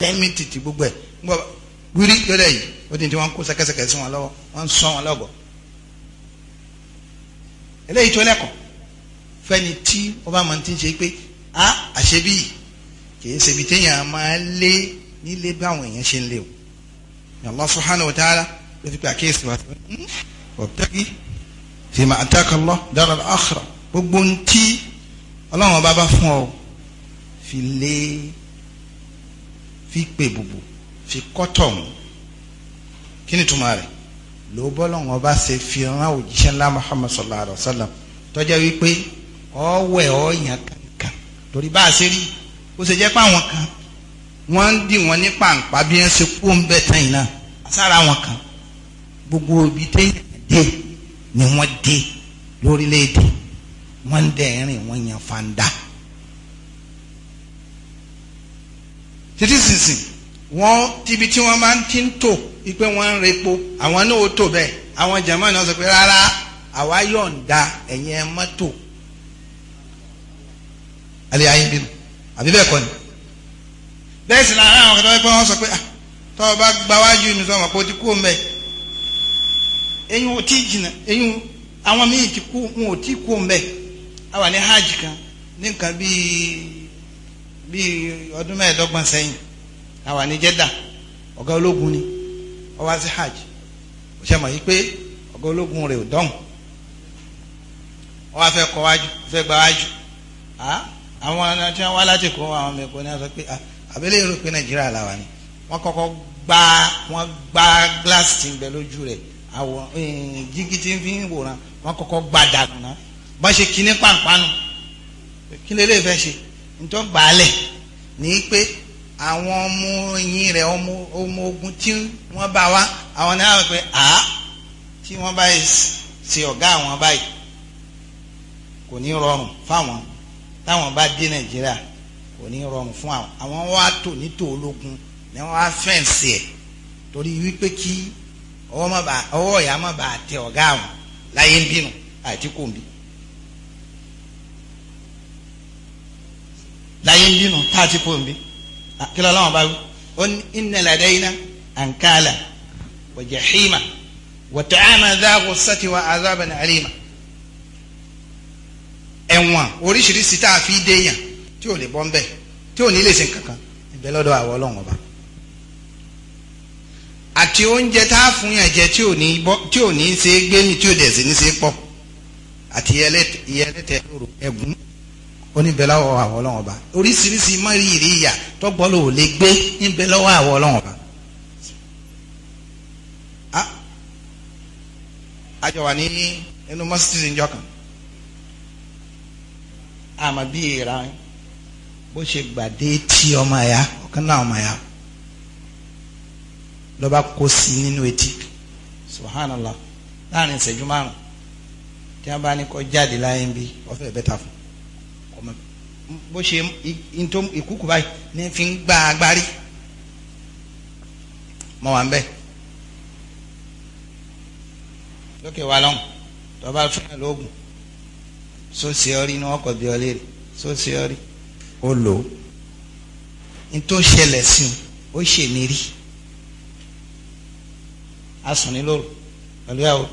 ten minutes gbogbo ẹ̀ gbọ́ wírí yọlẹ̀ yìí ó di ní tí wọ́n kó sẹ́kẹ́sẹ́kẹ́ sí wọn lọ́wọ́ wọ́n ń sọ wọn lọ́gọ̀ eléyìí tó lẹ́kọ̀ọ́ fẹ́ni tí wọ́n bá máa ti ń ṣe pé a àṣebí kì í ṣebi téèyàn máa lé nílé báwọn èèyàn ṣe ń lé o Allah subhanahu wa ta'ala ló fi pé àkíyèsí wa wabtaghi fima ataka Allah dara al-akhirah gbogbo ntí ọlọ́run ọba bá fún ọ fi lé fi pè bùbù fi kọ́tọ̀ hùn kí ni túmọ̀ rẹ̀ ló bọ́lọ́hún ọba ṣe fi rán òjíṣẹ́ ńlá Muhammad sallallahu alayhi wa sallam tọ́jà wípé ọ̀wẹ̀ ọ̀yàn kankan torí bá a ṣe rí ó ṣe jẹ́ pé àwọn kan wọ́n ń dì ní pàǹpá bí wọ́n ṣe kú ń bẹ̀ tẹ̀yìn náà àsára àwọn kan gbogbo ibi téèyàn dé ni wọ́n dé lórílẹ̀‐èdè wọ́n ń dẹ̀ fanda. títí sísì wọ́n tibi tí wọ́n máa ti ń tò wọ́n repo àwọn náà ó tò bẹ́ẹ̀ àwọn náà sọ pé rárá àwa yọ̀ǹda mọ́tò alẹ́ ayé bínú àbí bẹ́ẹ̀ kọ́ ni bẹ́ẹ̀ sì àwọn ẹgbẹ́ wọn sọ pé ah, tọ́ ti kú o ti jìnnà eyín àwọn míì ti kú ò bíi ọdún mẹ́ẹ̀ẹ́dọ́gbọ̀n sẹ́yìn àwa ní Jeddah ọ̀gá ológun ni ó wá sí hajj ó ṣe mọ̀ yí pé ọ̀gá ológun rẹ̀ ò dọ́hùn ó wá fẹ́ kọ́ wájú fẹ́ gba wájú àwọn tí wọ́n wá láti kó àwọn ọmọ ẹ̀kọ́ ni wọ́n sọ pé àbẹ́lẹ́ èrò pé Nàìjíríà làwà ni wọ́n kọ́kọ́ gbá wọ́n gbá gíláàsì tí ń bẹ lójú rẹ̀ àwọn fi ń wòran wọ́n kọ́kọ́ gbá dànù náà ṣe kíní pàǹpánu kí lélẹ́ẹ̀ fẹ́ ṣe ntọ́ gbàálẹ̀ ní pé àwọn ọmọ ẹ̀yìn rẹ̀ ọmọ ogun tí wọ́n bá wá àwọn náà wọ́n pé à tí wọ́n bá ṣe ọ̀gá àwọn báyìí kò ní rọrùn fáwọn táwọn bá dé nàìjíríà kò ní rọrùn fún àwọn àwọn wá tò nítò ológun ni wọ́n á fẹ́ǹsì ẹ̀ torí wípé kí ọwọ́ ọ̀yà má bàa tẹ ọ̀gá àwọn láyé ń bínú àti kò ń bí. láyé ń bínú tá a ti kó nbí kí ló láwọn bá wí ó ní inna ladayna ankala wa jahima wa ta'ama dha ghussati wa alima ẹ̀wọ̀n oríṣiríṣi tá a fi dé yàn tí ò lè bọ́ ń bẹ̀ tí ò ní lè ṣe kankan ìbẹ́ lọ́dọ̀ àwọn ọlọ́run ọba àti oúnjẹ tá a fún yàn jẹ tí ò ní tí ò ní ṣe é gbé mi tí ò dẹ̀ sí ní ṣe é pọ̀ àti ìyẹlẹ́tẹ̀ ẹ̀gún oníbẹ̀lọ́wọ́ àwọ̀ ọlọ́wọ́n ba oríṣiríṣi mọ́rìírí ìyà tọ́gbọ́lò ò lè gbé níbẹ̀lọ́wọ́ àwọ̀ ọlọ́wọ́n ba àjọ wà ní inú mọ́sítìsì ìjọ kan àmọ́ bí ìra bó ṣe gbàdé tí ọmọ ẹ̀yà ọ̀kan náà ọmọ ẹ̀yà lọ́ba kó sí nínú etí subhanallah láàrin ìṣẹ́jú márùn-ún tí wọ́n bá ní kó jáde láyé ń bí wọ́n bẹ́ta fún un bó ṣe ntó ìkúkú báyìí ní fi ń gba agbárí mọ wà ń bẹ lókè wa lọ́hùn tọ́ba fún ẹ lóògùn sósì ọrí ni wọ́n kọ̀ bí ọlé rẹ̀ sósì ọrí ó lò ó ntó ṣẹlẹ̀ sí i ó ṣe mí rí asùn ní lóru pẹ̀lú ẹ̀ o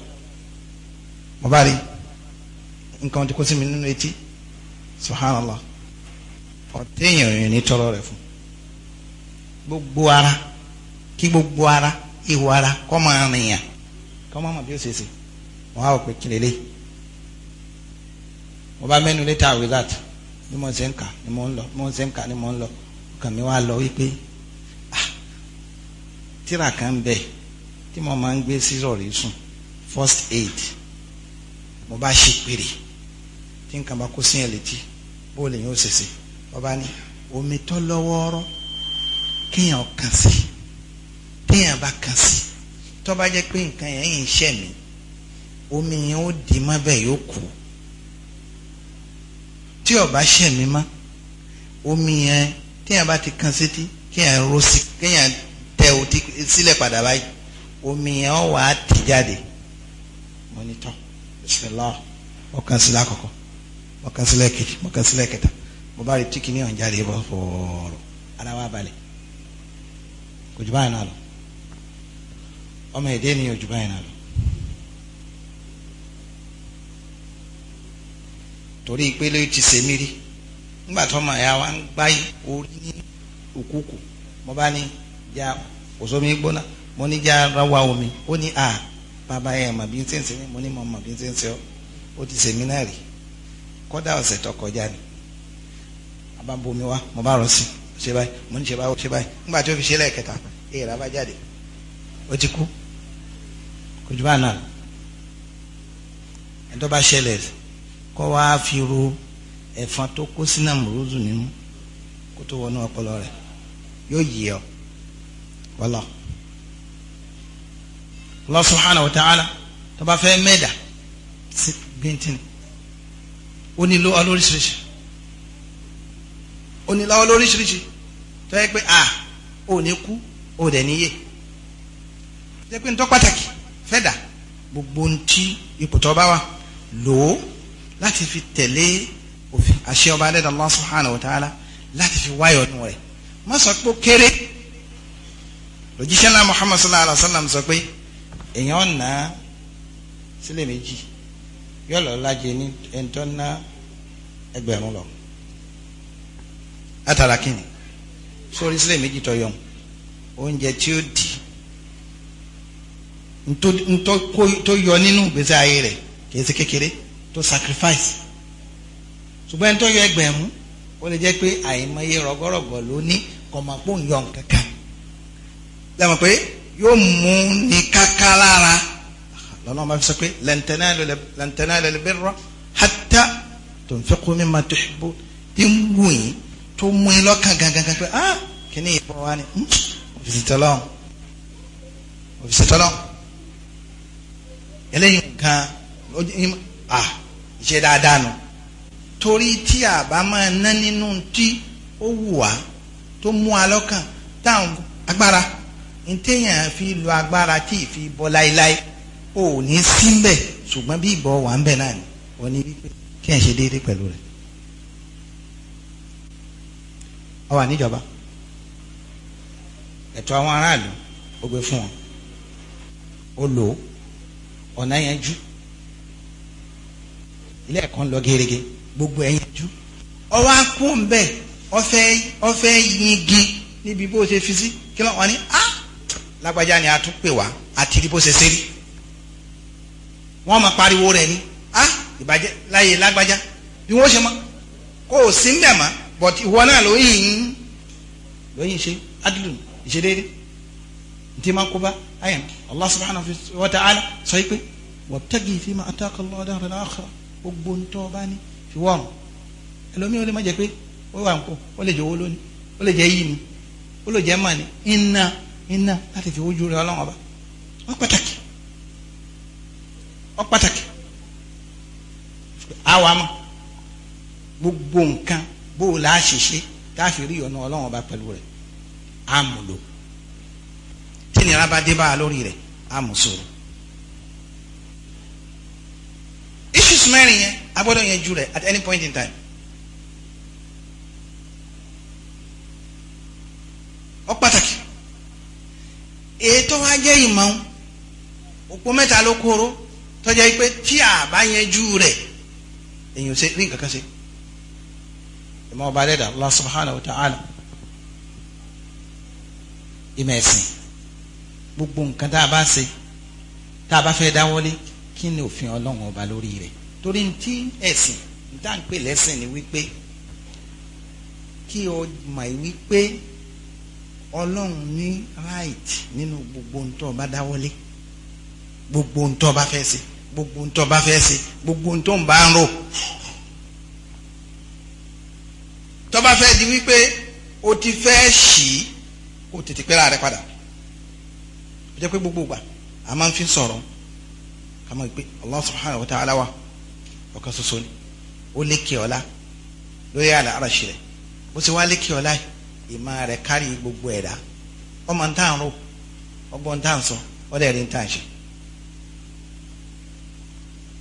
mo bá rí nǹkan tí kò sí mi nínú etí subhanallah ọ̀tẹ̀yìn òyìn ní tọrọ rẹ̀ fún gbogbo ara kí gbogbo ara ihò ara kọ́ máa rìnyàn kọ́ máa mọ̀ bí ó ṣe ṣe wọ́n á wọ̀ kí lélẹ̀ mo bá mẹ́nu létà wizard ni mo ṣe ń kà ni mo ń lọ mo ṣe ń kà ni mo ń lọ ọkàn mi wá lọ wípé ah tíra kan ń bẹ tí mo máa ń gbé sírọ̀rí sùn first aid mo bá ṣe péré tí nǹkan bá kó sí ẹ̀ létí bó lè yín ó ṣe ṣe ọba ní omi tó lọ́wọ́ọ́rọ́ kéèyàn kàn sí téèyàn bá kàn sí tó bá jẹ́ pé nǹkan yẹn yìí ń ṣẹ̀ mí omi yẹn ó di má yóò kú tí ó ṣẹ̀ mí má omi yẹn téèyàn bá ti kàn sétí kéèyàn ró sí kéèyàn tẹ òtí sílẹ̀ padà báyìí omi yẹn ó wàá tì jáde mọ́nítọ́ bisimilah ọkàn sílẹ̀ àkọ́kọ́ ọkàn sílẹ̀ kejì ọkàn sílẹ̀ kẹta. mobali tikini on jari bo foro ala wa bale ko jubai na lo o ni o jubai na lo tori pe lo ti se miri ma ya wa ngbai ori ni ukuku mobali ja ozo mo ni ja rawa omi o ni a baba e ma bi nse nse mo ni mo ma bi o ti seminary kodawo se tokoja bá ń bomi wá mo bá rọ sí ṣe báyìí mo ní tí o fi ṣe lẹ́ẹ̀kẹta èèrà bá jáde ó ti kú kò jù bá náà ẹni bá ṣẹlẹ̀ kọ́ wá fi ro tó kó sínú àmúrúzù nínú kó tó wọnú ọpọlọ yóò yí ọ wọlọ. tó bá sí ó nílò oníláwọ́ lóríṣiríṣi tó yẹ pé à ò ní kú ò dẹ̀ níyè jẹ́ pé nítorí pàtàkì fẹ́dà gbogbo ntí ipò tó bá wà lò láti fi tẹ̀lé òfin àṣẹ ọba adẹ́dàá Allah subhanahu wa ta'ala láti fi wáyọ̀ nù rẹ̀ má sọ pé ó kéré lójíṣẹ́ náà Muhammad sallallahu alayhi wa sallam sọ pé èèyàn nà á sílẹ̀ méjì yọ̀ọ́ lọ́ọ́ lájẹ ní ẹni tó ná ẹgbẹ̀rún lọ látara kí ni sórí sílẹ̀ méjì tó yọ oúnjẹ tí ó dì tó yọ nínú ìgbésí ayé rẹ̀ kì kékeré tó sacrifice ṣùgbọ́n ẹni tó yọ ẹgbẹ̀rún ó lè jẹ́ pé àìmọye rọgọ́rọgọ́ ló ní kọ̀mọ̀pọ̀ ń yọ nǹkan kan lẹ́mọ̀ pé yóò mú ní káká lára lọ́nà máa fi sọ pé lẹ́ntẹ́nà lẹ́lẹ́bẹ̀rọ hátà tunfiqu mimma tuhibbu tí ń wù yín tó mú in lọ́kàn gangan pé ah kíní ìbọn wa ni hmm, òfìsì tọ́lọ́hún òfìsì tọ́lọ́hún eléyìí nǹkan ah ìṣe dáadáa nù torí tí àbá máa ná nínú tí ó wù wá tó mú a lọ́kàn táwọn agbára ntẹ̀yàn fi lo agbára tí ì fi bọ́ láéláé ò ní sí mbẹ̀ ṣùgbọ́n bí ìbọn wà ń bẹ̀ náà ni wọ́n ní wípé kí ẹ̀ ṣe déédéé pẹ̀lú rẹ̀. ó wà níjọba ẹ̀tọ́ àwọn aráàlú ó gbé fún wọn ó lò ó ọ̀nà yẹn jú ilé ẹ̀kọ́ ń lọ gerege gbogbo ẹ̀ yẹn jú ọwọ́ akú ń bẹ̀ ọfẹ́ ọfẹ́ yingi níbi bó ṣe fi sí kí wọ́n wọ́n ní á lágbájá ni a tún pè wá àti ibi bó ṣe ṣe rí wọ́n máa pariwo rẹ̀ ní á ìbàjẹ́ láyé lágbájá bí wọ́n ṣe mọ́ kó o sí ń bẹ̀ mọ́ but ìwọ náà ló lóyìn ṣe adilun ìṣedéédé ntí máa kó bá ayàn allah subhanahu wa ta'ala sọ pé wabtagi fima ataka allah dara al-akhirah gbogbo ntọ́ bá ní fi wọ́ọ̀rùn ẹlòmíì ó lè má jẹ pé ó wà nǹkó ó lè jẹ owó lónìí ó lè jẹ yìí ni ó lè jẹ mà ní iná iná láti fi ojú rẹ ọlọ́wọ́n ọba ó pàtàkì ó pàtàkì àwa mọ gbogbo nǹkan bó o láà ṣèṣe táàfi rí ọ̀nà ọlọ́run ọba pẹ̀lú rẹ̀ á tí nira bá dé bá a lórí rẹ̀ á mú sòrò. issues mẹ́rin yẹn a gbọ́dọ̀ yanjú rẹ̀ at any point in time. ó pàtàkì ètò wa jẹ́ ìmọ̀ òpó mẹ́ta ló kóró tọ́jà yìí pé tí a bá yanjú rẹ̀ èèyàn rí nǹkan kan ṣe ìmọ̀ ọba dẹ́dà Allah subhanahu wa ta'ala ìmọ̀ ẹ̀sìn gbogbo nǹkan tá a bá ṣe tá a bá fẹ́ dáwọ́lé kí ni òfin ọlọ́run ọba lórí rẹ̀ torí ti ẹ̀sìn níta ń pè lẹ́sìn ni wípé kí o mọ̀ wípé ọlọ́run ní right nínú gbogbo ohun tó bá dáwọ́lé gbogbo ohun tó bá fẹ́ ṣe gbogbo ohun tó bá fẹ́ ṣe gbogbo ohun tó ń rò tó bá fẹ́ di wípé o ti fẹ́ ṣì kò tètè pẹ́ra rẹ padà ó jẹ́ pé gbogbo ìgbà a máa ń fi sọ̀rọ̀ ká máa pé Allah subhanahu wa ta'ala wa ọ̀kan ṣoṣo ni ó lékè ọ̀la lórí àlà àràṣì rẹ̀ bó ṣe wá lékè ọ̀la ìmọ̀ rẹ̀ kárí gbogbo ẹ̀dá ọmọ ń tàn rò ọgbọ́n ń tàn sọ ọdẹ rí ń tàn ṣe.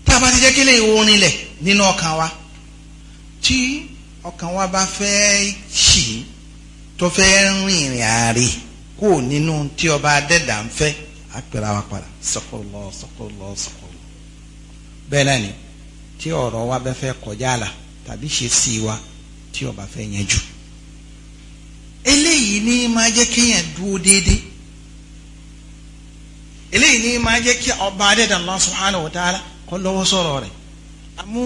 tá a bá ti jẹ́ kí lè wo orin lẹ̀ nínú ọkàn wa tí ọkàn wa bá fẹ́ ṣì tó fẹ́ rìn ìrìn àárẹ̀ kó nínú tí ọba adẹ́dà ń fẹ́ àpẹẹrẹ wa padà sọkọlọ sọkọlọ sọkọlọ bẹ́ẹ̀ náà ni tí ọ̀rọ̀ wa bá fẹ́ kọjá àlà tàbí ṣe sí wa tí ọba fẹ́ yẹn jù eléyìí ní máa jẹ́ kéèyàn dúró déédéé eléyìí ní máa jẹ́ kí ọba adẹ́dà Allah subhanahu ta'ala kọ́ lọ́wọ́ sọ̀rọ̀ rẹ̀ àmú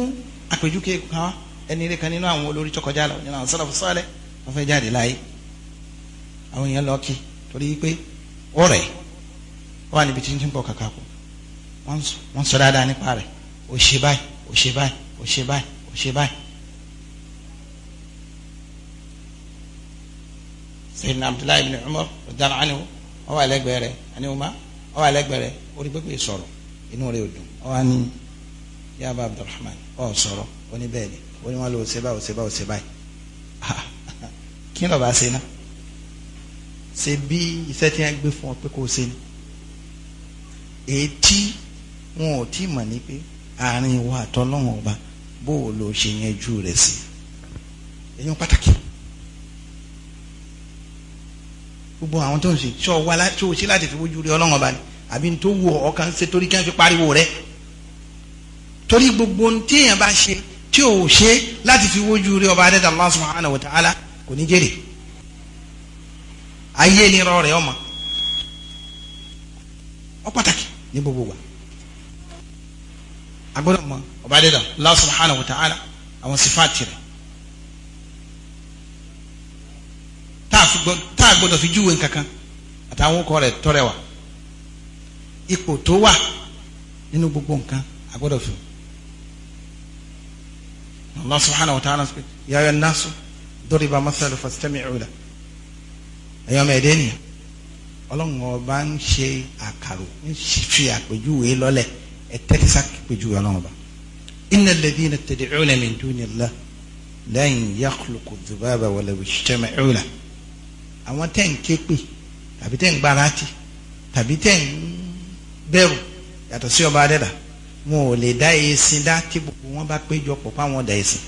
àpèjúkè kan ẹni ilé kan nínú àwọn olórí tó kọjá lọ nínú àwọn sọlọfù sọlẹ wọn fẹẹ jáde láàyè àwọn èèyàn lọ kí torí pé ọ̀rẹ́ wà níbi tí ń tún bọ kàkà kù wọn sọ dáadáa nípa rẹ̀ ò ṣe báyìí ò ṣe báyìí ò ṣe báyìí ò ṣe báyìí. sayyidina abdullahi ibn umar ọ̀daràn àniwò wọ́n wà lẹ́gbẹ̀ẹ́ rẹ̀ àniwò má wọ́n wà lẹ́gbẹ̀ẹ́ rẹ̀ orí pé kò inú rẹ̀ ò dùn wọ́n wà ní yaba abdulrahman ọ̀ sọ̀rọ̀ oníbẹ̀ẹ́ni ó ní wọn lọ ṣe báyìí ṣe báyìí ṣe báyìí ah, kí ni ọba ṣe ná ṣe bí iṣẹ́ tí wọ́n gbé fún ọ pé kó ṣe ni ètí wọn ò tí mọ̀ ní pé àárín ìwọ àtọ́lọ́wọ̀n ọba bó o lọ ṣe yẹn jù rẹ̀ sí ẹ̀yìn pàtàkì gbogbo àwọn tó ń ṣe tí ọ wá tí o ṣe láti fi wójú rẹ ọlọ́wọ̀n ọba ni àbí tó wù ọ kàn ṣe torí kí wọ́n fi pariwo rẹ torí gbogbo ohun tí èèyàn bá ṣe tí ò ṣe láti fi wojú rí ọba adẹ́dàá Allah subhanahu wa ta'ala kò ní jèrè ayé ni rọ rẹ ọmọ ọ pàtàkì ní gbogbo wa agbọ́dọ̀ mọ ọba adẹ́dàá Allah subhanahu wa ta'ala àwọn sifaati rẹ̀ tá a gbọ́dọ̀ fi júwe nǹkankan àtàwọn ọkọ rẹ̀ tọrẹ wa ipò tó wà nínú gbogbo nǹkan a fi wọn. Allah سبحانه وتعالى ta'ala sọ الناس ayyuhan nasu duriba masalu أيام lahu ẹ̀yọ́ mẹ́ẹ̀dẹ́ nìyà ọlọ́run ọba ń ṣe àkàrò ń fi àpèjúwe lọ́lẹ̀ ẹ tẹ́tí sàpèjúwe ọlọ́run ọba. innal ladhina tad'una min dunillahi lan yakhluqu dhubaba walaw ijtama'u lahu. àwọn tẹ́ ń ké pè tàbí tẹ́ ń gbára tì tàbí tẹ́ ń bẹ̀rù yàtọ̀ sí ọba adẹ́dàá wọn ò lè dá ẹ̀sìn dá tí gbogbo wọn bá péjọ pọ̀ fáwọn ọ̀dà ẹ̀sìn.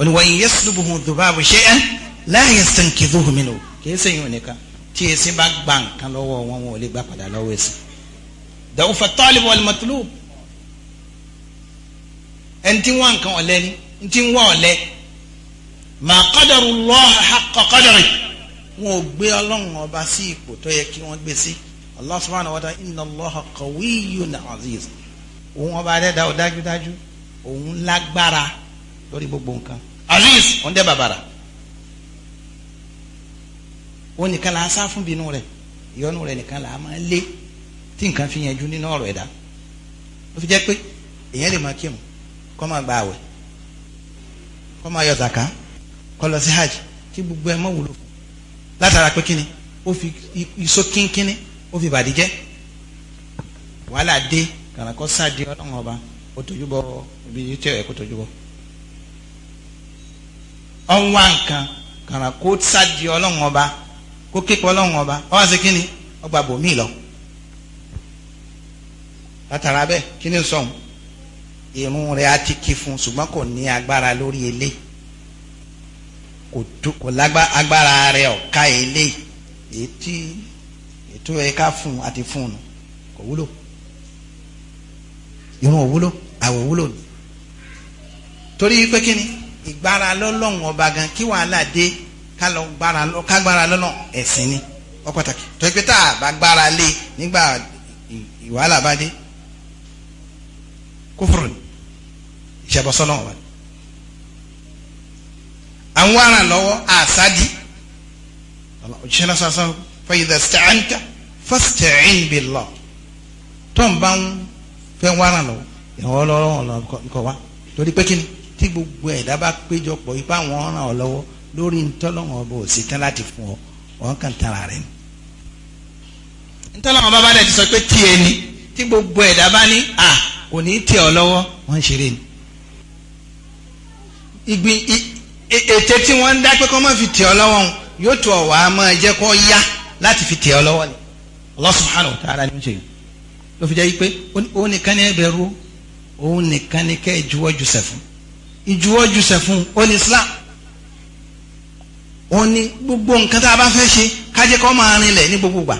oníwàyí yaslubuhum dhubabu shay'an la yastanqidhuhu minhu kìí sẹ́yìn òníkan tí ẹ̀sìn bá gba nǹkan lọ́wọ́ wọn wọn ò lè gbà padà lọ́wọ́ ẹ̀sìn. da'ufa at-talib wal-matlub ẹni tí wọ́n nǹkan ọ̀lẹ́ ni ẹni tí wọ́n ọ̀lẹ́ ma qadarullaha haqqa qadarihi wọn ò gbé ọlọ́run ọba sí ipò tó yẹ kí wọ́n gbé sí. Si allah subhanahu wa ta'ala inna allah qawiyyun aziz òun ọba adẹ́dá ò dájúdájú òun lágbára lórí gbogbo nǹkan aziz òun dẹ́ bàbàrà òun nìkan la sá fún bínú rẹ̀ ìyọnu rẹ̀ nìkan la máa lé tí nǹkan fi yanjú nínú ọ̀rọ̀ ẹ̀dá ló fi jẹ́ pé èèyàn lè máa kírun kó máa gba àwẹ̀ kó máa yọ zaka kó lọ sí hajj kí gbogbo ẹ̀ mọ́ wúlò látara pé kíni ó fi iṣó kínkínní ó fi bàdí jẹ́ wàhálà dé kàràkọ́ sáàdì ọlọ́run ọba ó tójú bọ ibi yìí tẹ̀ ẹ́ kó tójú bọ. ọ̀nwá nǹkan kàràkọ́ sáàdì ọlọ́run ọba kó képe ọlọ́run ọba ọ wá sí kí ni ọgbà bòmí lọ. látara bẹ́ẹ̀ kí ni sọ̀hún irun rẹ̀ á ti kí fún ṣùgbọ́n kò ní agbára lórí ilé kò lágbára rẹ̀ ọ̀ka ilé èyí tí ètò ẹ̀ka fún àti fún un kò wúlò ìrun ò wúlò àwọ̀ wúlò ni torí pé kí ni ìgbára lọ́lọ́run ọba gan kí wàhálà dé ká lọ gbára ká gbára lọ́lọ́run ẹ̀sìn ni ó pàtàkì torí pé tá a bá gbára lé nígbà ìwàhálà bá dé kófòrò ni ìṣẹ̀bọ̀sọ́lọ́ wa àwọn aràn lọ́wọ́ àṣáájú òṣìṣẹ́ náà fàyìdà sàáńtà fàstẹ̀ẹ́n billah tó ń bá ń fẹ́ wá ràn lọ ìrànwọ́ ọlọ́run nǹkan wá torí pé kí ni tí gbogbo ẹ̀dá bá péjọpọ̀ ipá wọn ràn ọ́ wọ́n ń dá pé kọ́ mọ́ fi tẹ̀ ọ́ lọ́wọ́ yóò tó ọ̀ wá máa jẹ́ kó yá láti fi tẹ̀ ọ lọ́wọ́ ni Allah subhanahu wa ta'ala ni ó ń ṣe yìí ló fi jẹ́ yìí pé òun nìkan ni ẹ bẹ̀rù òun nìkan ni kẹ́ ẹ juwọ́ jùsẹ̀ fún ìjuwọ́ jùsẹ̀ fún ó ní Islam òun ni gbogbo nǹkan tá a bá fẹ́ ṣe kájẹ́ kọ́ máa rinlẹ̀ ní gbogbo gbà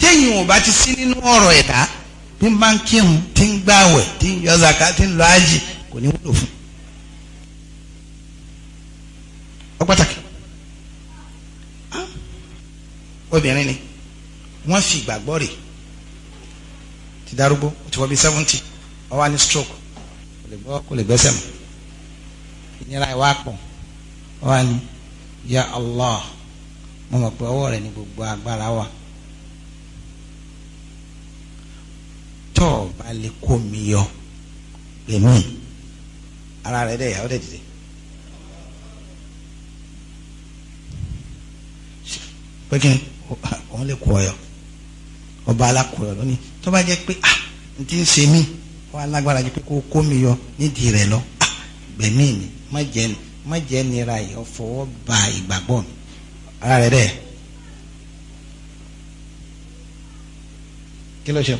téèyàn ò bá ti sí nínú ọ̀rọ̀ ẹ̀dá tí bá ń kírun tí ń gbàwẹ̀ tí ń yọ zaka tí ń lọ ájì kò ní wúlò fún ọ pàtàkì obìnrin ni wọ́n fi ìgbàgbọ́ rè ti darúgbó ti wọ́n bí seventy ó wá stroke kò lè gbọ́ kò lè gbẹ́sẹ̀ mọ́ ìnira ìwà pọ̀ ó wá ya Allah mo mọ̀ pé ọwọ́ rẹ̀ ni gbogbo agbára wà tọ́ ọ bá lè kó mi yọ èmi ara rẹ̀ dẹ̀ yà ó dẹ̀ dìde. pé kí ni àwọn lè kọ ọyọ ọba alákọọyọ lónìí tó bá jẹ pé ah n ti ń ṣe mí wọn alágbára jẹ pé kó kó mi yọ nídìí rẹ lọ ah gbẹmí mi má jẹ má jẹ nira yìí ọ ba ìgbàgbọ́ mi ara rẹ dẹ kí ló ṣe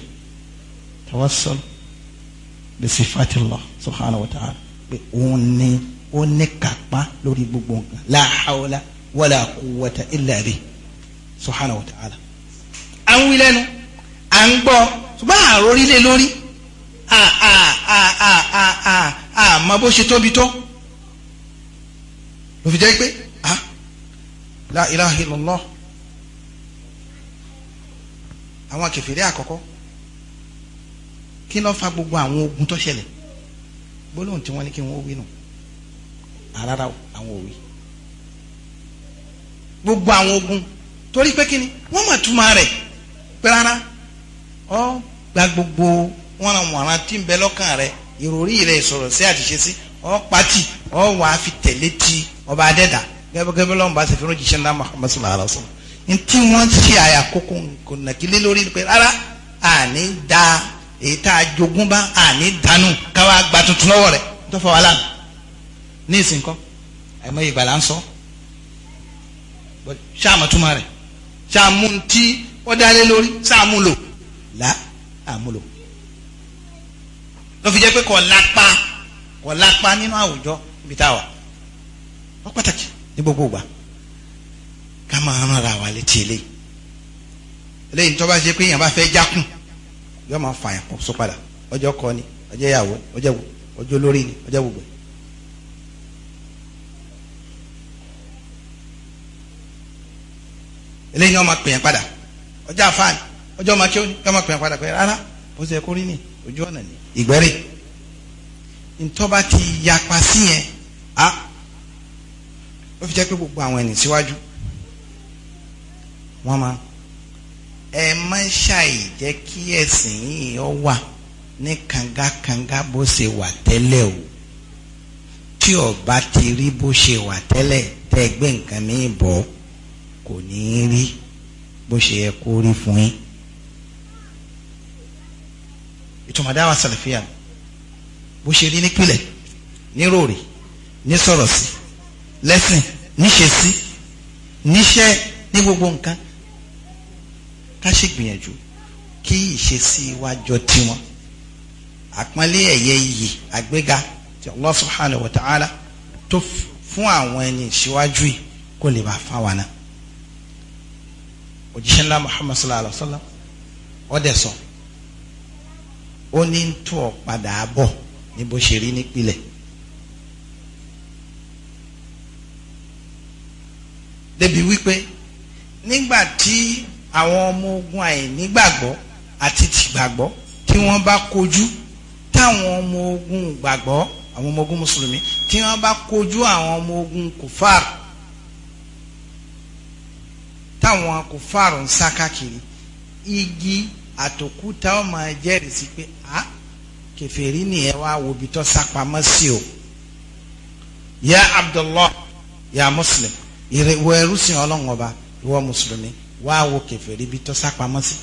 tawassul bi sifatillah subhanahu wa ta'ala pé òun ni ó ní kápá lórí gbogbo nǹkan la hawla wala quwwata subhanahu wa ta'ala à ń wí lẹ́nu à ń gbọ́ ṣùgbọ́n àrò orílẹ̀ lórí àmọ́ bó ṣe tóbi tó ló fi jẹ́ pé la ilaha illallah àwọn kèfèrí àkọ́kọ́ kí ló fa gbogbo àwọn ogun tó ṣẹlẹ̀ gbólóhùn tí wọ́n ní kí wọ́n wí nù rárá àwọn òwe gbogbo àwọn ogun torí pé kíni wọ́n mọ̀ túmọ̀ rẹ̀ pé rárá ọ gba gbogbo wọn ra wọn ra tí ń bẹ lọ́kàn rẹ̀ ìròrí rẹ̀ sọ̀rọ̀ sí àtìṣe sí ọ pati ọ wàá fi tẹ̀lé ti ọba adẹ́dà gẹ́gẹ́ lọ́wọ́n bá ṣe fi ránṣẹ́ ńlá Muhammad sallallahu alaihi ntí wọ́n ṣe àyà kókó nàkílé lórí pé rárá àní da èyí tá a jogún bá àní dànù káwá gba tuntun lọ́wọ́ rẹ̀ tó fọ wàhálà ní ìsìnkọ́ àìmọye ìgbàlá ń sọ ṣáà mọ̀túmọ̀ rẹ̀ sàmú tí ó dálé lórí sàmú lò là àmú lò ló fi jẹ́ pé kò lápá kò lápá nínú àwùjọ ibi tá a wà ó pàtàkì ní gbogbo ìgbà ká máa rán ara wa létí eléyìí eléyìí tó bá ṣe pé èèyàn bá fẹ́ jákùn yóò máa fààyàn kó so ọjọ́ kọ ni ọjọ́ ìyàwó ọjọ́ olórí ni ọjọ́ gbogbo eléyìí ni wọ́n máa pè yẹn padà ọjọ́ àfáàn ọjọ́ máa kí ó ní kí wọ́n máa pè yẹn padà pé rárá bó ṣe kó rí ni ojú ọ̀nà ni ìgbẹ́rì ntọ́ba ti yapa sí yẹn a ó fi jẹ́ pé gbogbo àwọn ẹni síwájú wọ́n máa ẹ má ṣàì jẹ́ kí ẹ̀sìn yìí ọ wà ní kangakanga bó ṣe wà tẹ́lẹ̀ o tí ọba ti rí bó ṣe wà tẹ́lẹ̀ tẹ́ gbé nǹkan mi bọ̀ ọ́ kò ní í rí bó ṣe yẹ kó rí fún yín ìtumọ̀ dáwà sàlẹ̀fíà bó ṣe rí nípìnlẹ̀ níròrè nísọ̀rọ̀ sí lẹ́sìn níṣe sí níṣẹ́ ní gbogbo nǹkan ká ṣe gbìyànjú kí ìṣesí wa jọ tiwọn àpọ́nlé ẹ̀yẹ iyì àgbéga tí Allah subhanahu wa ta'ala tó fún àwọn ẹni ìṣíwájú yìí kó lè bá fáwa náà òjíṣẹ́ ńlá muhammad sallallahu alaihi wa sallam ọ̀dẹ̀ sọ ó ní ń tó ọ padà bọ̀ ní bó ṣe rí nípìnlẹ̀ débi wípé nígbà tí àwọn ọmọ ogun àìnígbàgbọ́ àti tìgbàgbọ́ tí wọ́n bá kojú táwọn ọmọ ogun gbàgbọ́ àwọn ọmọ ogun mùsùlùmí tí wọ́n bá kojú àwọn ọmọ ogun kòfàrà táwọn kò fààrọ̀ ń sá káàkiri igi àtòkúta ọmọ ẹjẹ́rìí pé a kẹfẹ́rí nìyẹn wá wòbí tó sápamọ́ sí o ya Abdullah ya Muslim ìwọ ẹrú sìn ọlọ́run ọba ìwọ mùsùlùmí wá wo kẹfẹ́rí bí tó sápamọ́ sí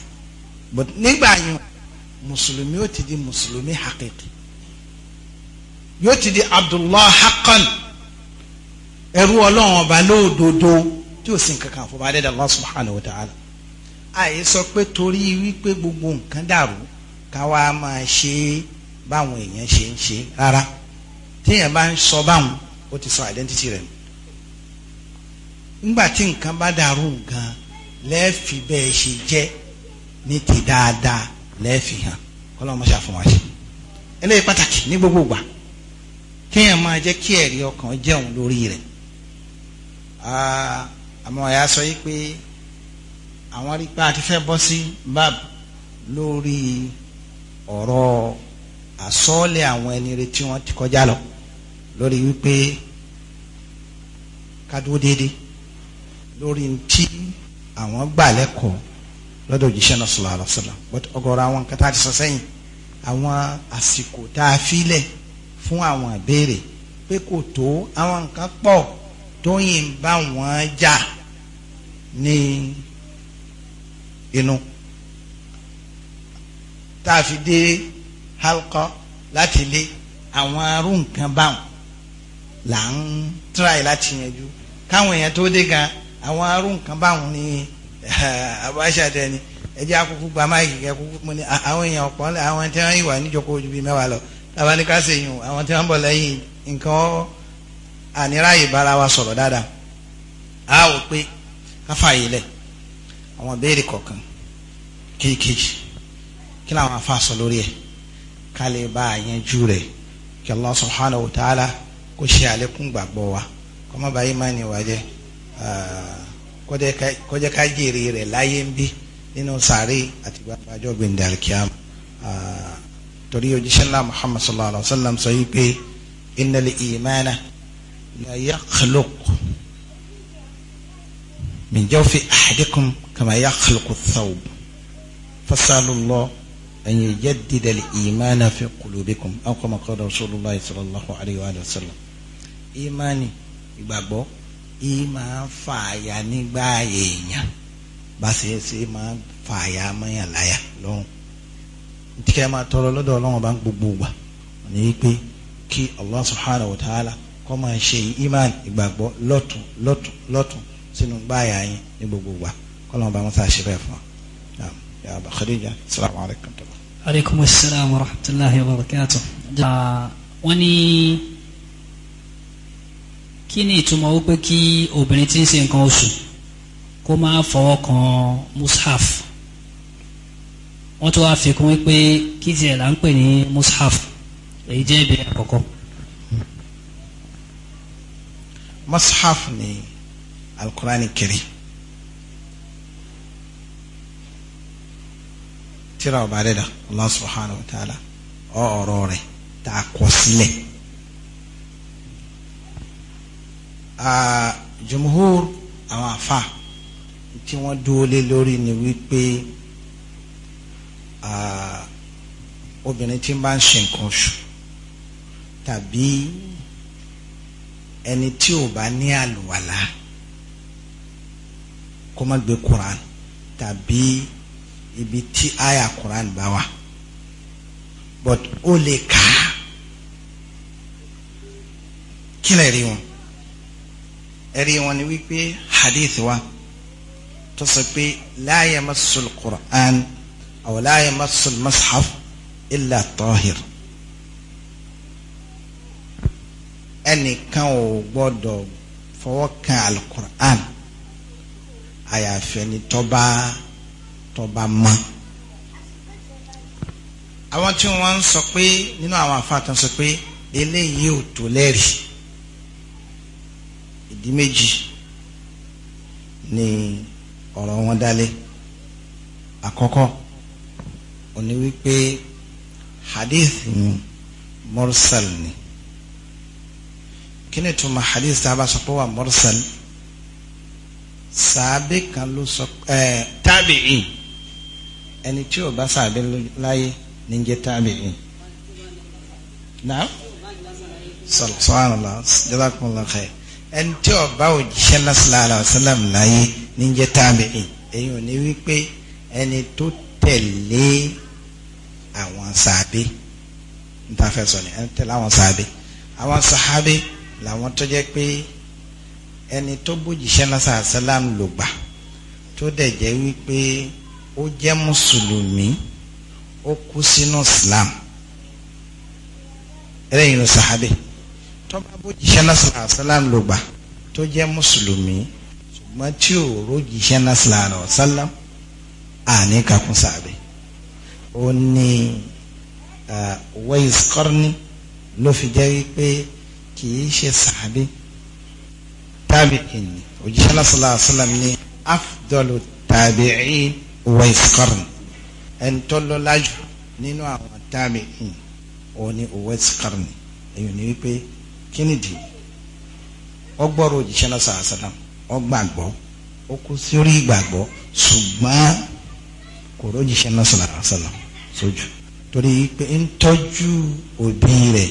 but nígbà yẹn mùsùlùmí ó ti di mùsùlùmí hakiki yóò ti di Abdullah haqqan ẹrú ọlọ́run ọba lóòdodo tí ò sí nǹkan kan àfọwọ́ adẹ́dàá Allah subhanahu wa ta'ala àyè sọ pé torí wípé gbogbo nǹkan dàrú ká wá máa ṣe báwọn èèyàn ṣe ń ṣe rárá téèyàn bá ń sọ báwọn ó ti sọ identity rẹ̀ nígbà tí nǹkan bá dàrú nǹkan lẹ́ẹ̀fì bẹ́ẹ̀ ṣe jẹ́ ní ti dáadáa lẹ́ẹ̀fì hàn kọ́lọ́mọ ṣàfihàn wá sí eléyìí pàtàkì ní gbogbo ìgbà kéèyàn máa jẹ́ kí ẹ̀rí ọkàn jẹun lórí rẹ̀ àmọ́ ọ̀yà sọ yìí pé àwọn rí pé a ti fẹ́ bọ́ sí bab lórí ọ̀rọ̀ àsọ́ọ̀lẹ̀ àwọn ẹni retí wọn ti kọjá lọ lórí wípé kádúró déédéé lórí ntí àwọn gbà lẹ́kọ̀ọ́ lọ́dọ̀ òjíṣẹ́ náà sallallahu alaihi wasallam but ọ̀gọ̀rọ̀ àwọn nǹkan tá a ti sọ sẹ́yìn àwọn àsìkò tá a filẹ̀ fún àwọn àbẹ̀rẹ̀ pé kò tó àwọn nǹkan pọ̀ tó bá wọn jà. Ja ní inú tá a fi dé halqa láti lé àwọn arú nǹkan báwọn là ń tíráì láti yanjú káwọn èèyàn tó dé gan àwọn arú nǹkan báwọn ní abáṣà ni eh, ẹjẹ akuku gba máìkì kẹ kuku mo ní àwọn èèyàn ọ̀pọ̀ àwọn tí wọ́n yìí wà níjọkọ̀ ojú bíi mẹ́wàá lọ tàbá ní àwọn tí wọ́n bọ̀ lẹ́yìn nǹkan àníráyè bára wa sọ̀rọ̀ dáadáa a wò pé káfà yìí lẹ̀ àwọn ìbéèrè kọ̀ọ̀kan kéékèèjì kí làwọn afa sọ lórí ẹ̀ ká lè bá a yanjú rẹ̀ kí Allah subhanahu wa ta'ala kó ṣe àlékún gbàgbọ́ wa kó má bàa ìmánì wa jẹ́ kó jẹ́ ká jèrè rẹ̀ láyé ń bí nínú sàárè àti gbàgbàjọ́ gbẹ̀ndàlkíyàmù torí òjíṣẹ́ ńlá muhammad sallallahu alaihi wa sallam sọ yìí pé innal imana la yakhluq min jawfi ahadikum kama yakhluqu thawb fasalu Allah an yujaddida al-imana fi qulubikum aw kama qala rasulullah sallallahu alayhi wa sallam imani ìgbàgbọ́ ìmà fààyà nígbà èèyàn bá ṣe é ṣe máa fààyà mọ́yàn láyà lọ́rùn tíkẹ́ máa tọrọ lọ́dọ̀ ọlọ́run bá ń gbogbo gbà ní wípé kí Allah subhanahu wa ta'ala kó máa ṣe ìmàn ìgbàgbọ́ lọ́tún lọ́tún lọ́tún sínú gbáyà yín ní gbogbo wa kọ́lọ́n bá mọ́tà ṣe bẹ́ẹ̀ fún wa yàrá Khadija salamu alaykum. aleykum salaam wa rahmatulahi wa barakatu. wọ́n ní kí ni ìtumọ̀ wípé kí obìnrin tí ń ṣe nǹkan oṣù kó máa fọwọ́ kan mushaf wọ́n tún wáá fikún wípé kí tiẹ̀ là ń pè ní mushaf èyí jẹ́ ìbéèrè àkọ́kọ́. mushaf ni alukurani kiri tírà ọba rẹ da allah subhanahu wa ta'ala ọ̀rọ̀ rẹ̀ tá a kọ sílẹ̀ jumhur àwọn afa tí wọ́n dúólé lórí ni wípé obìnrin tí ń bá ń ṣe nǹkan oṣù ẹni tí ò bá ní àlùwàlá kó má gbé Quran tàbí ibi tí àyà Quran bá wà but ó lè kà á kílẹ̀ rí wọn ẹ̀rí wọn ni wípé hadith wa tó sọ pé la yamassul Quran aw la yamassul mashaf illa tahir. ẹnìkan ò gbọdọ̀ fọwọ́ kan alukur'an àyàfẹ́ ni tọ́ba tọ́ba mọ́ àwọn tí wọ́n ń sọ pé nínú àwọn àfáàtà sọ pé eléyìí ò tó lẹ́rìí ìdí méjì ni ọ̀rọ̀ wọn dálé àkọ́kọ́ òní wípé hadith mursal ni kí ni ìtumọ̀ hadith tá a bá sọ pé wà mursal ni sàábé kan ló sọ ẹ tábìín ẹni tí ò bá sàábé láyé ní jẹ tábìín náà sọlọsọlọ jazakumullahu khair ẹni tí ò bá òjíṣẹ́ lásìláàlá ọsálàm láyé ní jẹ tábìín èyí ò ní wípé ẹni tó tẹ̀lé àwọn sàábé níta fẹ́ sọ ni ẹni tẹ̀lé àwọn sàábé àwọn sàábé làwọn tó pé ẹni tó bójìṣẹ́ lásán àṣálàm ló gbà tó dẹ̀ jẹ́ wípé ó jẹ́ mùsùlùmí ó kú sínú islam ẹlẹ́yìn ló sàhábẹ́ tó bá bójìṣẹ́ lásán àṣálàm ló gbà tó jẹ́ mùsùlùmí ṣùgbọ́n tí ò rójìṣẹ́ lásán àṣálàm àní kakún sàbẹ̀ ó ní wẹ́yìí sọ́kọ́rní ló fi jẹ́ wípé kì í ṣe sàbẹ̀ tabi'in òjíṣẹ́ lásìlá àṣìlám ní afdọ́lù tabi'in uwaisikọ́rùn ẹni tó lọ́lájú nínú àwọn tabi'in òun ni uwaisikọ́rùn èyí ni wípé kí ni dì ọgbọ́rọ̀ òjíṣẹ́ lásìlá àṣìlám ọgbàgbọ́ ó kú sórí ìgbàgbọ́ ṣùgbọ́n kò rójíṣẹ́ lásìlá àṣìlám sójú torí pé ń tọ́jú òbí rẹ̀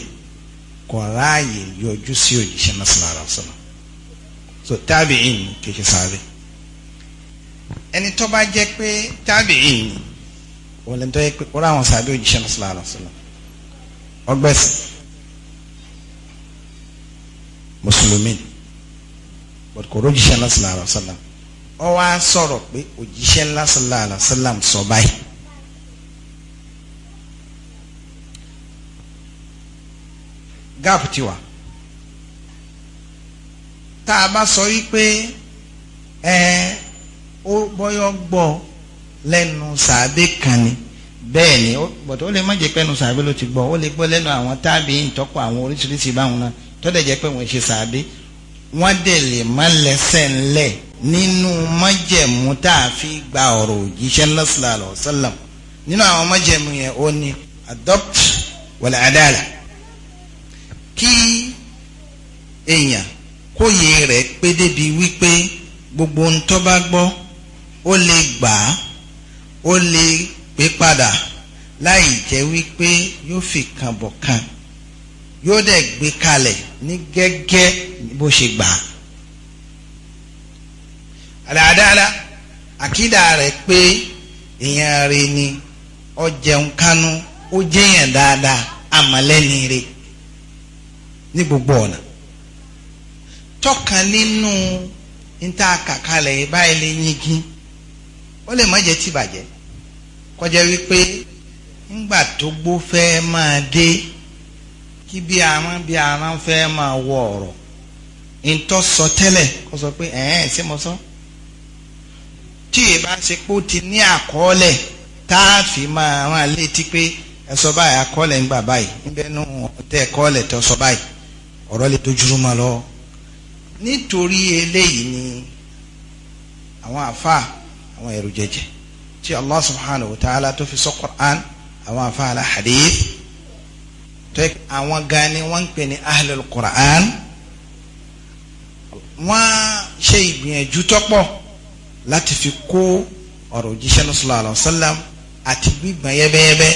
kọ̀ ráàyè yọjú sí òjíṣẹ́ lásìlá àṣìlám so tabi'in kìkì sáré ẹni tó bá jẹ́ pé tabi'in wọ́n lè tó yẹ pé wọ́n àwọn sáré òjíṣẹ́ náà sallallahu alaihi wasallam ọgbẹ́sì mùsùlùmí but kò rójíṣẹ́ náà sallallahu alaihi wasallam ọ wá sọ̀rọ̀ pé òjíṣẹ́ ńlá sallallahu sọ báyìí. gáàpù tiwa tá a bá sọ wípé ẹ ó bọ́yọ́ gbọ́ lẹ́nu sàábé kan ni bẹ́ẹ̀ ni bọ̀tọ̀ ó lè má jẹ́ pé ẹnu sàábé ló ti gbọ́ ó lè gbọ́ lẹ́nu àwọn tábìí ìtọ́kọ̀ àwọn oríṣiríṣi báwọn náà tọ́lẹ̀ jẹ́ pé wọ́n ṣe sàábé wọ́n dẹ̀ lè má lẹ́sẹ̀ ńlẹ̀ nínú májẹ̀mú tá a fi gba ọ̀rọ̀ òjíṣẹ́ lọ́sọ̀lá lọ́sọ̀lá nínú àwọn májẹ̀mú yẹn ó ní adopt wal adala kí èèyàn kóye rẹ̀ pé débi wípé gbogbo ń tó bá gbọ́ ó lè gbà á ó lè pé padà láì jẹ́ wípé yóò fi kan bọ̀ kan yóò dẹ̀ gbé kalẹ̀ ní gẹ́gẹ́ bó ṣe gbà á. àdáadáa àkídà rẹ̀ pé èèyàn rẹ̀ ni ó jẹun kánú ó jẹ́yàn dáadáa ní gbogbo ọ̀nà. tọ́kan nínú níta kàkalẹ̀ báyìí lè yingin ó lè má jẹ́ kọjá wípé ńgbà tó gbó fẹ́ máa dé kí bí aran bí aran fẹ́ máa wọ ọ̀rọ̀ ntọ́ sọ tẹ́lẹ̀ kó sọ pé ẹ̀ẹ́n mo sọ tí ṣe pé létí pé báyìí àkọọ́lẹ̀ báyìí báyìí ọ̀rọ̀ lè dojúrú nítorí eléyìí ni àwọn àfa àwọn ẹrù jẹjẹ tí Allah subhanahu wa ta'ala tó fi sọ Qur'an àwọn àfa àlà hadith tẹ àwọn gan ni wọ́n ń pè ní ahlul Qur'an wọ́n ṣe ìgbìyànjú tọ́pọ̀ láti fi kó ọ̀rọ̀ òjíṣẹ́ sallallahu alaihi wasallam àti gbígbọn yẹbẹyẹbẹ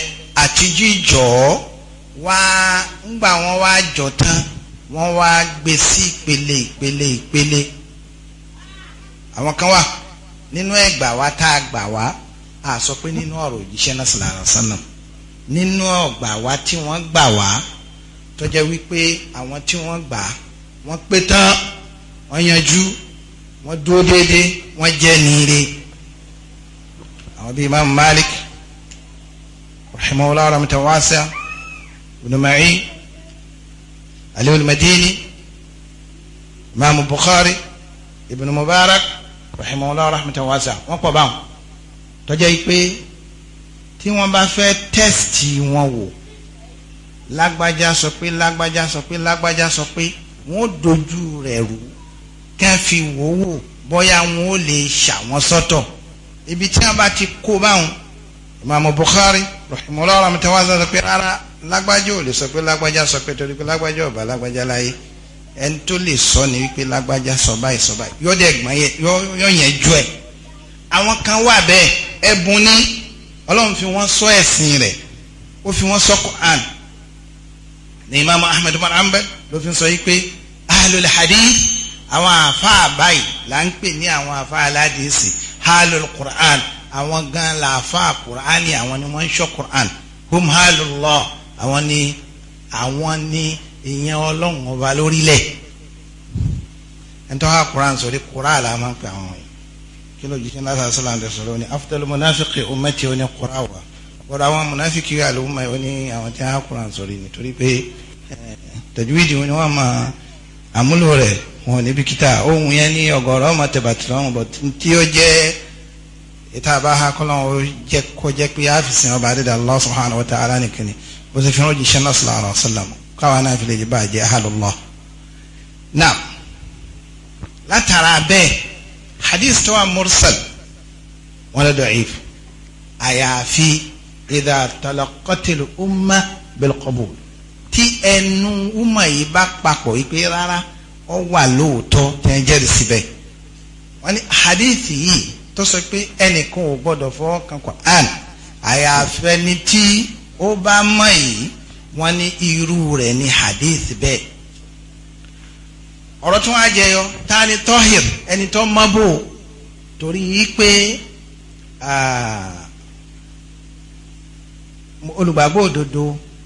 àti jíjọ wá ń gbà wọn wá jọ tán wọ́n wá gbé sí ìpele ìpele ìpele àwọn kan wà nínú ẹgbà wa tá a gbà wá a sọ pé nínú ọ̀rọ̀ òjíṣẹ́ náà sàlàrà sánà nínú ọgbà wa tí wọ́n gbà wá tó wípé àwọn tí wọ́n gbà wọ́n pé tán wọ́n yanjú wọ́n dúró déédéé wọ́n jẹ́ níire àwọn bíi Imam Malik rahimahullah rahmatan wasi'a Ibn Ma'i aliyu al-madini imaamu bukhari ibn mubarak rahimahullah rahmatan wasa wọn pọ̀ báwọn tọ́jà yìí pé tí wọ́n bá fẹ́ tẹ́sítì wọn wò lágbájá sọ pé lágbájá sọ pé lágbájá sọ pé wọ́n dojú rẹ̀ rú kẹ́ fi wò wò bóyá wọn ò lè ṣàwọn sọ́tọ̀ ibi tí wọ́n bá ti kó báwọn imaamu bukhari rahimahullah rahmatan wasa sọ pé rárá lágbájá ò lè sọ pé lágbájá sọ pé torí pé lágbájá ò bá lágbájá láyé ẹni tó lè sọ ni wípé lágbájá sọ báyìí sọ báyìí yọ dẹ gbọn yẹ yọ yẹn ju ẹ àwọn kan wà bẹ́ẹ̀ ẹbùn ní Ọlọ́run fi wọn sọ ẹ̀sìn rẹ̀ ó fi wọn sọ Quran ní imaamu ahmed umar ló fi sọ yìí pé ahlul hadith àwọn àfáà báyìí là ń pè ní àwọn àfáà aládìsí ahlul Quran àwọn gan la àfáà Quran ni àwọn ni wọn ń sọ Quran hum halullah àwọn ni àwọn ni ìyẹn ọlọ́run ọba lórílẹ̀ ẹ̀ńtọ́ àkùrán sórí kúrá àlà máa ń pè àwọn yìí kí ló jí kíndà sàásì láǹdì sọ̀rọ̀ ni afdal munafiki umati oní kúrá wa ọ̀rọ̀ àwọn munafiki àlùmọ̀ oní àwọn tí àkùrán sórí nítorí pé eh, tajwidi ni wọ́n máa àmúlò rẹ̀ wọn níbi kíta ohun yẹn ní ọgọ́rọ̀ ọmọ tẹ̀bàtì lọ́rùn bọ̀ tí ó jẹ́ ìta bá ha kọ́ lọ́wọ́ kó jẹ́ pé àfìsìn ọba adéda Allah subhanahu wa ta'ala nìkan ni bó ṣe fi hàn òjíṣẹ́ náà sallallahu alaihi wasallam káwa náà fi lè bá jẹ́ ahalullah náà látara bẹ́ẹ̀ hadith tó wà mursal wọn lè da'if àyàfi idha talaqatil umma bil qabul tí ẹnu umma yìí bá papọ̀ yìí pé rárá ọ wà lóòótọ́ tí wọ́n jẹ́rìí síbẹ̀ wọ́n ní hadith yìí tó sọ pé ẹnìkan ò gbọ́dọ̀ fọwọ́ kan Qur'an àyàfẹ́ni tí. ó bá mọ̀ yìí wọ́n ní irú rẹ̀ ní hadith bẹ́ẹ̀ ọ̀rọ̀ tún á jẹyọ ta ni tọ́hìr ẹni tó mọ́ bò torí pé olùgbàgbọ́ òdodo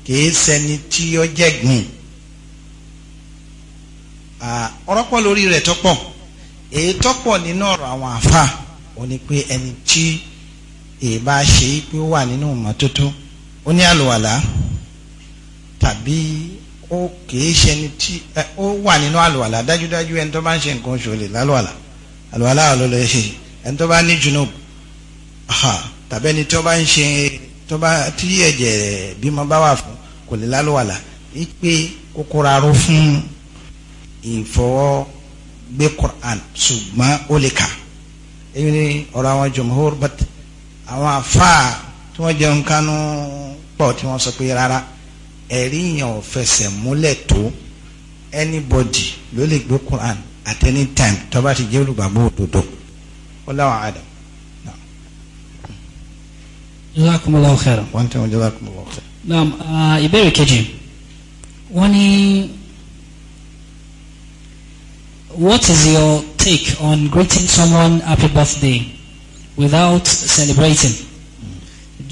kìí ṣẹni tí ó jẹ́gbìn ọ̀rọ̀ pọ̀ lórí rẹ̀ tọ́pọ̀ èyí tọ́pọ̀ nínú ọ̀rọ̀ àwọn àfa ó pé ẹni tí èyí bá ṣe é pé ó wà nínú ìmọ́tótó. ó ní àlùwàlá tàbí ó kìí ṣe ni tí ó wà nínú àlùwàlá dájúdájú ẹni tó bá ń ṣe nǹkan oṣù lè lálùwàlá àlùwàlá ló lè ṣe ẹni tó bá ní junub tàbí ẹni tó bá ń ṣe tó bá tí ẹ̀jẹ̀ bímọ bá wà fún kò lè lálùwàlá wípé kókóra aró fún ìfọwọ́ gbé Quran ṣùgbọ́n ó lè kà èyí ọ̀rọ̀ àwọn jumhur but àwọn afáà tí wọ́n jẹun kánú pọ̀ tí wọ́n sọ pé rárá ẹ̀rí yẹn ò fẹsẹ̀ múlẹ̀ tó anybody ló lè gbé Quran at any time tó bá ti jẹ́ olùgbàgbọ́ òdodo wallahu a'lam. jazakumullahu khairan. wọ́n tẹ́wọ́n jazakumullahu khairan. naam ìbéèrè kejì wọ́n ní what is your take on greeting someone happy birthday without celebrating?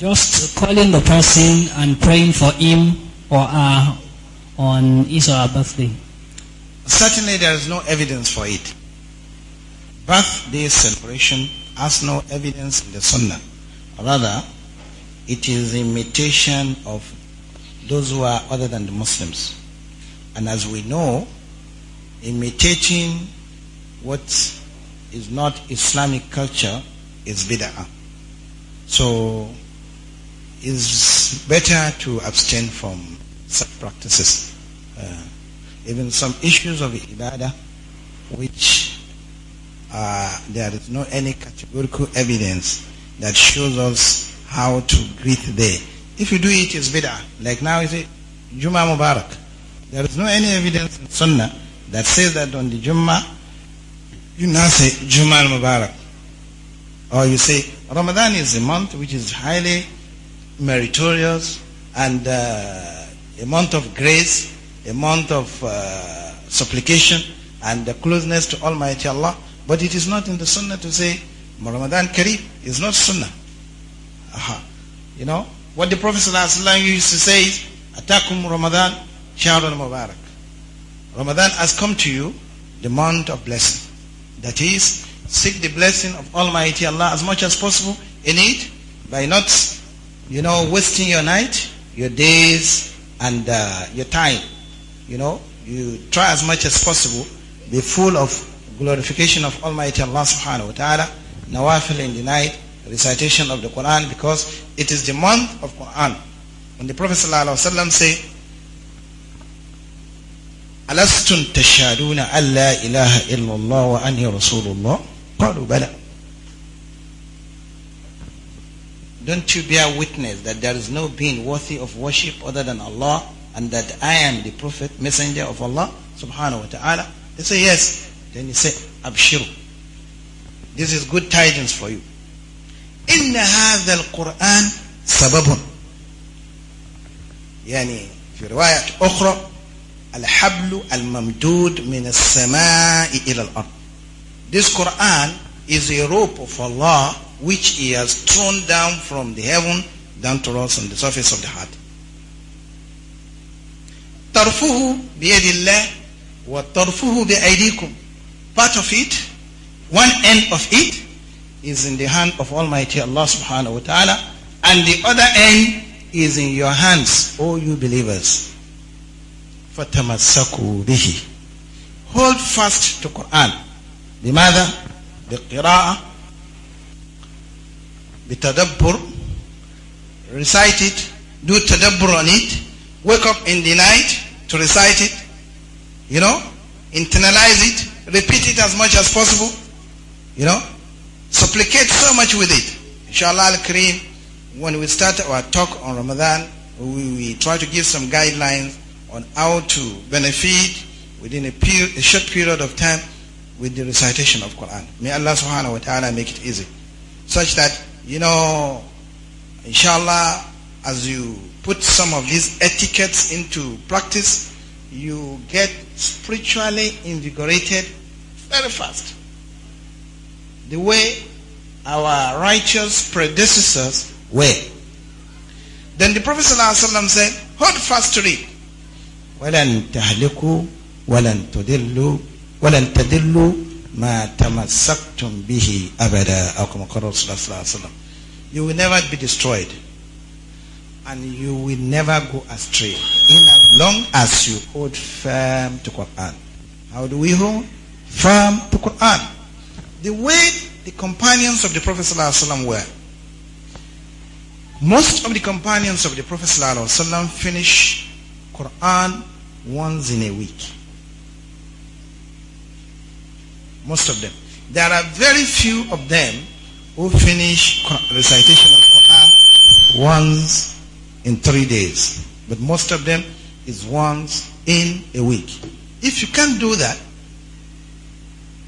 Just calling the person and praying for him or her on his or her birthday. Certainly there is no evidence for it. Birthday celebration has no evidence in the Sunnah. Rather, it is imitation of those who are other than the Muslims. And as we know, imitating what is not Islamic culture is bid'ah. So is better to abstain from such practices. Uh, even some issues of ibadah which uh, there is no any categorical evidence that shows us how to greet there. If you do it, it's bid'ah. Like now, is it Juma Mubarak? There is no any evidence in Sunnah that says that on the Juma you now say Juma Mubarak, or you say Ramadan is a month which is highly meritorious and uh, a month of grace, a month of uh, supplication and the closeness to Almighty Allah. But it is not in the Sunnah to say Ramadan Kareem is not Sunnah. Uh-huh. You know, what the Prophet ﷺ used to say is, Atakum Ramadan Sharan Mubarak. Ramadan has come to you, the month of blessing. That is, seek the blessing of Almighty Allah as much as possible in it by not you know, wasting your night, your days, and uh, your time. You know, you try as much as possible, be full of glorification of Almighty Allah subhanahu wa ta'ala, nawafil in the night, recitation of the Quran, because it is the month of Quran. When the Prophet sallallahu alaihi wasallam say, ألستم تشهدون أن إله إلا الله وأني رسول الله قالوا بلى Don't you bear witness that there is no being worthy of worship other than Allah and that I am the prophet, messenger of Allah subhanahu wa ta'ala? They say yes. Then he say, Abshiru. This is good tidings for you. إن هذا القرآن سبب يعني في رواية أخرى الحبل الممدود من السماء إلى الأرض This Quran is a rope of Allah which He has thrown down from the heaven down to us on the surface of the heart. طرفه بيد الله bi بأيديكم part of it one end of it is in the hand of Almighty Allah subhanahu wa ta'ala and the other end is in your hands O you believers فتمسكوا به hold fast to Quran the mother بالقراءة بالتدبر recite it do tadabbur on it wake up in the night to recite it you know internalize it repeat it as much as possible you know supplicate so much with it inshallah al-kareem when we start our talk on ramadan we, we try to give some guidelines on how to benefit within a, a short period of time with the recitation of Quran. May Allah subhanahu wa ta'ala make it easy. Such that, you know, inshallah, as you put some of these etiquettes into practice, you get spiritually invigorated very fast. The way our righteous predecessors were. Then the Prophet said, hold fast to it. Well, tadillu ma tamassaktum bihi abada aw kama qala rasulullah you will never be destroyed and you will never go astray in as long as you hold firm to Quran how do we hold firm to Quran the way the companions of the prophet sallallahu were most of the companions of the prophet sallallahu finished Quran once in a week most of them. There are very few of them who finish recitation of Quran once in three days. But most of them is once in a week. If you can't do that,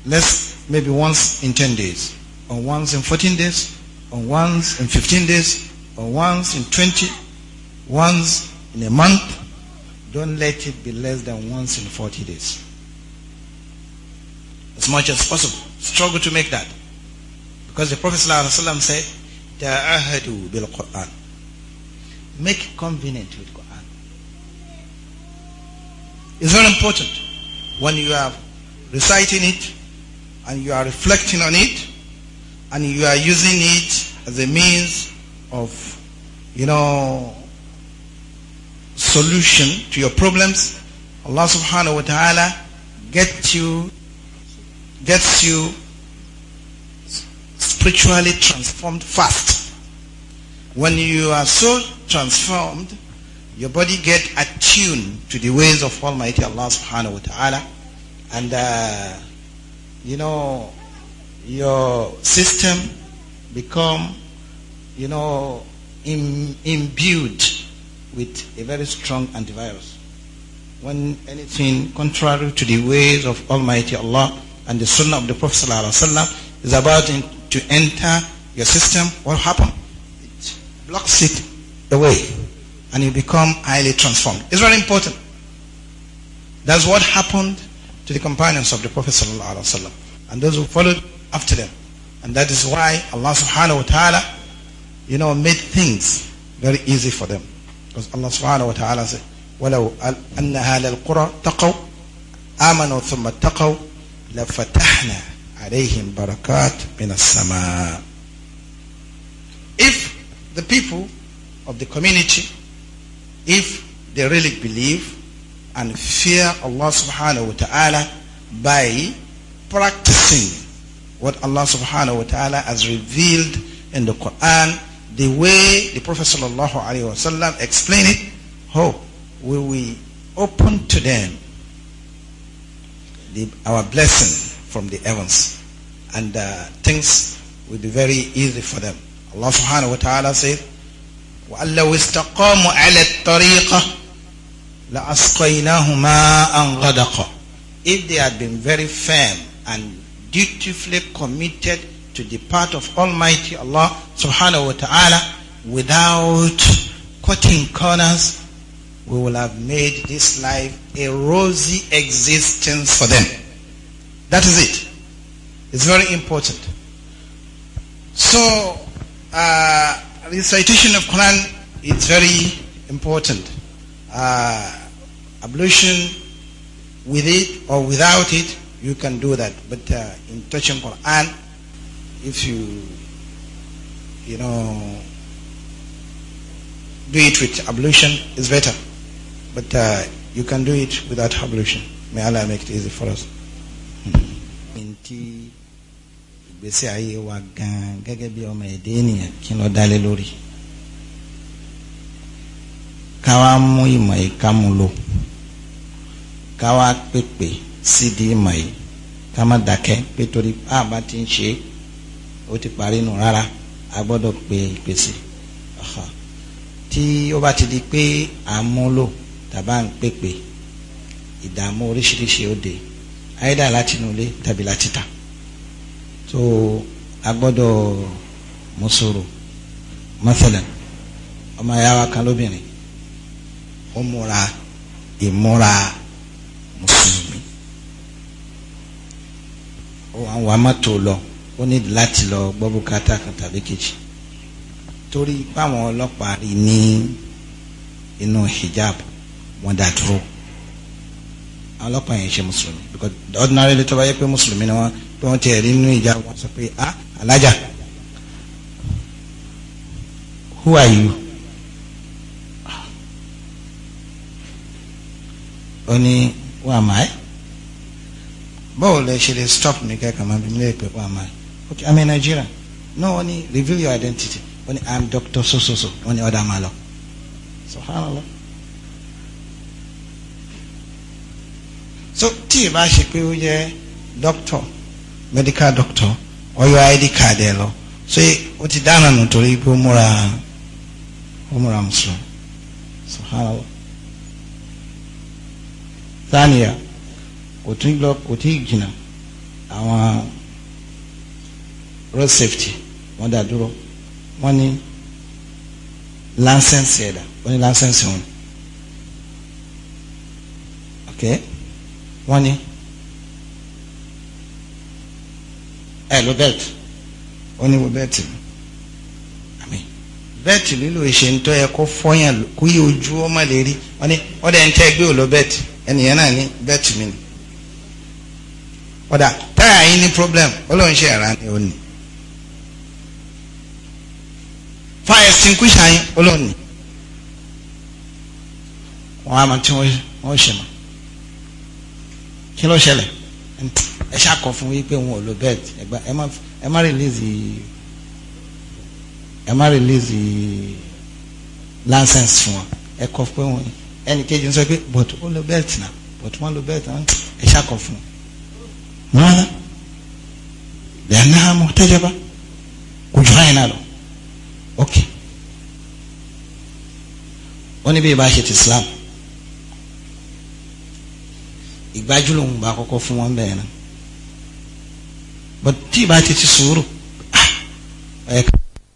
let's maybe once in 10 days, or once in 14 days, or once in 15 days, or once in 20, once in a month. Don't let it be less than once in 40 days as much as possible. Struggle to make that. Because the Prophet ﷺ said, bil Quran. Make convenient with Quran. It's very important when you are reciting it and you are reflecting on it and you are using it as a means of, you know, solution to your problems, Allah subhanahu wa ta'ala get you gets you spiritually transformed fast. When you are so transformed, your body get attuned to the ways of Almighty Allah subhanahu wa ta'ala and uh, you know your system become you know Im- imbued with a very strong antivirus when anything contrary to the ways of Almighty Allah and the sunnah of the Prophet ﷺ is about in, to enter your system, what happens? It blocks it away and you become highly transformed. It's very important. That's what happened to the companions of the Prophet ﷺ and those who followed after them. And that is why Allah subhanahu wa ta'ala, you know, made things very easy for them. Because Allah subhanahu wa ta'ala said, وَلَوْ أَنَّ هَذَا الْقُرَى تَقَوْا آمَنُوا ثُمَّ اتَّقَوْا لفتحنا عليهم بركات من السماء. If the people of the community, if they really believe and fear Allah subhanahu wa ta'ala by practicing what Allah subhanahu wa ta'ala has revealed in the Quran, the way the Prophet sallallahu alayhi wa sallam explained it, oh, will we open to them the, our blessing from the heavens. And uh, things will be very easy for them. Allah subhanahu wa ta'ala says, وَأَلَّوْ اسْتَقَامُوا عَلَى الطَّرِيقَ لَأَسْقَيْنَاهُمْ مَاءً If they had been very firm and dutifully committed to the path of Almighty Allah subhanahu wa ta'ala without cutting corners, we will have made this life a rosy existence for them. That is it. It's very important. So, uh, recitation of Quran is very important. Uh, ablution with it or without it, you can do that. But uh, in touching Quran, if you, you know, do it with ablution, it's better. But uh, you can do it without ablution may Allah make it easy for us. Hmm. ntí ìgbésí ayé wa gan gẹ́gẹ́ bí ọmọ èdè ènìyàn kí ló dálé lórí ká wá mú ìmọ̀ yìí ká mú lò ká wá pèpè sídìí ìmọ̀ yìí ká má dákẹ́ pé torí bá ti ń ṣe é ó ti parí nù rárá a gbọ́dọ̀ pe ìpèsè tí ó bá ti di pé à tàbá ń pèpè ìdààmú oríṣiríṣi òde àyídà láti inú ilé tàbí láti ta so a gbọ́dọ̀ mùsùlùmí masalan ọmọ ìyá wa kan lóbìnrin ó múra ìmúra mùsùlùmí ó wà wà mọ́tò lọ ó ní láti lọ gbọ́ bùkátà kan tàbí kejì torí báwọn ọlọ́pàá rí ní inú hijab wọ́n dá dúró àwọn ọlọ́pàá yẹn ṣe mùsùlùmí because ordinary little boy yẹ pé mùsùlùmí ni wọ́n pé wọ́n tiẹ̀ rí nínú ìjà wọn sọ pé ah alájà who are you ó ní who am I báwo lè ṣe lè stop ní kẹ́kọ̀ọ́ máa bí nílé pé who am I okay I'm in Nigeria. no wọ́n ní reveal your identity wọ́n ní I'm doctor so so so wọ́n ní ọ̀dà máa lọ subhanallah. so tí ì bá ṣe pé ó jẹ́ doctor medical doctor ọyọ id card ẹ lọ so ó ti dáná nù torí pé ó múra ó múra mùsùlùm subhanallah saniya kò tún lọ kò tí jìnnà àwọn road safety wọ́n dá dúró wọ́n ní láńsẹ̀nsì ẹ̀dá wọ́n ní láńsẹ̀nsì wọn ok wọ́n ní ẹ ló bẹ́ẹ̀tì ó ní mo bẹ́ẹ̀tì àmì bẹ́ẹ̀tì lílo ìṣe ń tọ́ yẹ kó fọ́yàn kó yí ojú ọmọ lè rí wọ́n ní ọ̀dà ń tẹ́ gbé ò lọ bẹ́ẹ̀tì ẹnìyẹn náà ní bẹ́ẹ̀tì mi ni ọ̀dà táyà yín ní problem ọlọ́run ṣe ara ni ó ní fire extinguisher yín ọlọ́run ní wọ́n á mọ tí wọ́n ṣe mọ́ kí ló ṣẹlẹ̀ ẹ ṣàkọ fún yín pé wọn ò lo bẹ́ẹ̀tì ẹgbà ẹ má ẹ má release ẹ má release license fún wọn ẹ kọ pé wọn ẹnì kejì ń sọ pé but ó lo bẹ́ẹ̀tì náà but wọn lo bẹ́ẹ̀tì náà ẹ ṣàkọ fún wọn. rárá lẹ́yìn náà mo tẹ́jọ́ kò jù láyìn náà lọ ok wọ́n ní bí ibà ṣe ti Islam ìgbájú lòun bá kọ́kọ́ fún wọn bẹ́ẹ̀ náà but tí ìbá ti ti sùúrù ah, ẹ̀ka.